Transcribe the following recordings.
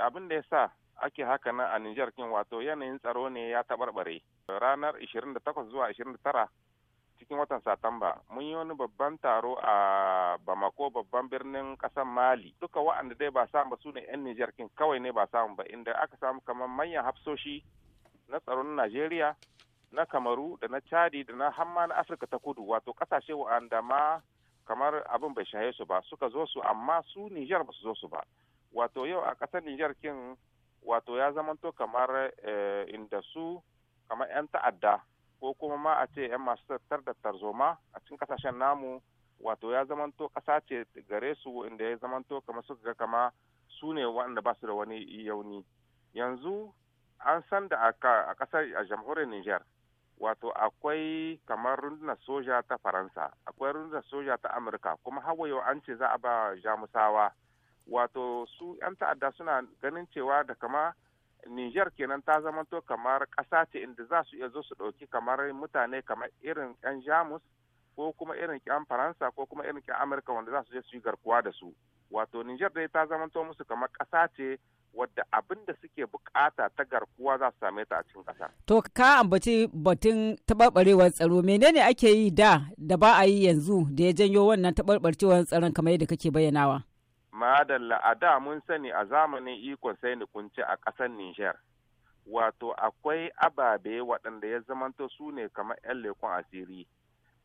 Abin da ya sa ake haka nan a Nijar kin wato yanayin tsaro ne ya taɓarɓare. Ranar 28 zuwa 29 cikin watan Satamba mun yi wani babban taro a Bamako babban birnin ƙasar Mali. Duka wa'anda dai ba samu ba su ne 'yan Nijar kin kawai ne ba samu ba inda aka samu kamar manyan hafsoshi na tsaron Najeriya na Kamaru da na Chadi da na hamma na Afirka ta kudu wato ƙasashe wa'anda ma kamar abin bai shaye su ba suka zo su amma su Nijar ba su zo su ba. wato yau a ƙasar Nijar kin wato ya zamanto kamar eh, inda su kamar 'yan ta'adda ko kuma ma a ce 'yan masu tattar da tarzoma a cikin kasashen namu wato ya zamanto ƙasa ce gare su inda ya zamanto kamar suka ga kama su ne waɗanda ba su da wani yauni yanzu an san da a ƙasar a jamhuriyar Nijar wato akwai kamar rundunar soja ta Faransa akwai rundunar soja ta Amurka kuma hawayo an ce za a ba Jamusawa wato su 'yan ta'adda suna ganin cewa da kama niger kenan ta zamanto kamar ƙasa ce inda za su iya zo su ɗauki kamar mutane kamar irin 'yan Jamus ko kuma irin 'yan Faransa ko kuma irin 'yan Amurka wanda za su je su yi garkuwa da su. Wato niger dai ta zamanto musu kamar ƙasa ce wadda abin da suke bukata ta garkuwa za su same ta a cikin kasar. To ka ambaci batun taɓarɓarewar tsaro menene ake yi da da ba a yi yanzu da ya janyo wannan taɓarɓarcewar tsaron kamar yadda kake bayyanawa? Adalla a da mun sani a zamanin ikon sai ni kunci a ƙasar Nijar. Wato akwai ababe waɗanda ya zamanto su ne kamar 'yan lekun asiri.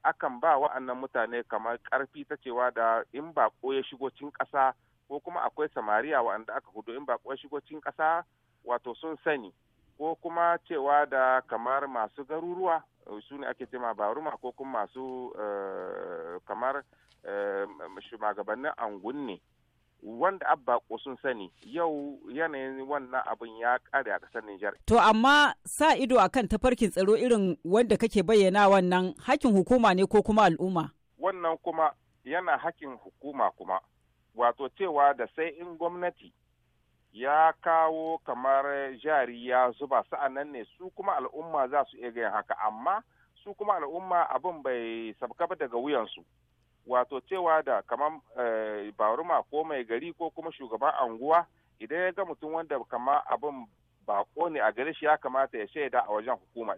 Akan ba wa'annan mutane kamar ƙarfi ta cewa da in baƙo ya shigo cikin ƙasa ko kuma akwai samariya waɗanda aka hudu in baƙo ya shigo cikin ƙasa wato sun sani. Ko kuma cewa da kamar masu garuruwa su ne ake cema baruma ko kuma masu eh, kamar eh, shugabannin angun ne wanda abba sun sani yau yanayin wannan abin ya kare a kasar Nijar. To amma sa ido akan tafarkin tsaro irin wanda kake bayyana wannan hakin hukuma ne ko kuma al'umma? Wannan kuma yana hakin hukuma kuma wato cewa da sai in gwamnati ya kawo kamar jari ya zuba nan ne su kuma al'umma za su iya haka amma su kuma al'umma abin bai sabka daga wuyansu. wato cewa da kamar eh, baruma ko mai gari ko kuma shugaban anguwa idan ya ga mutum wanda kama abin bako ne a gare shi ya kamata ya shaida a wajen hukuma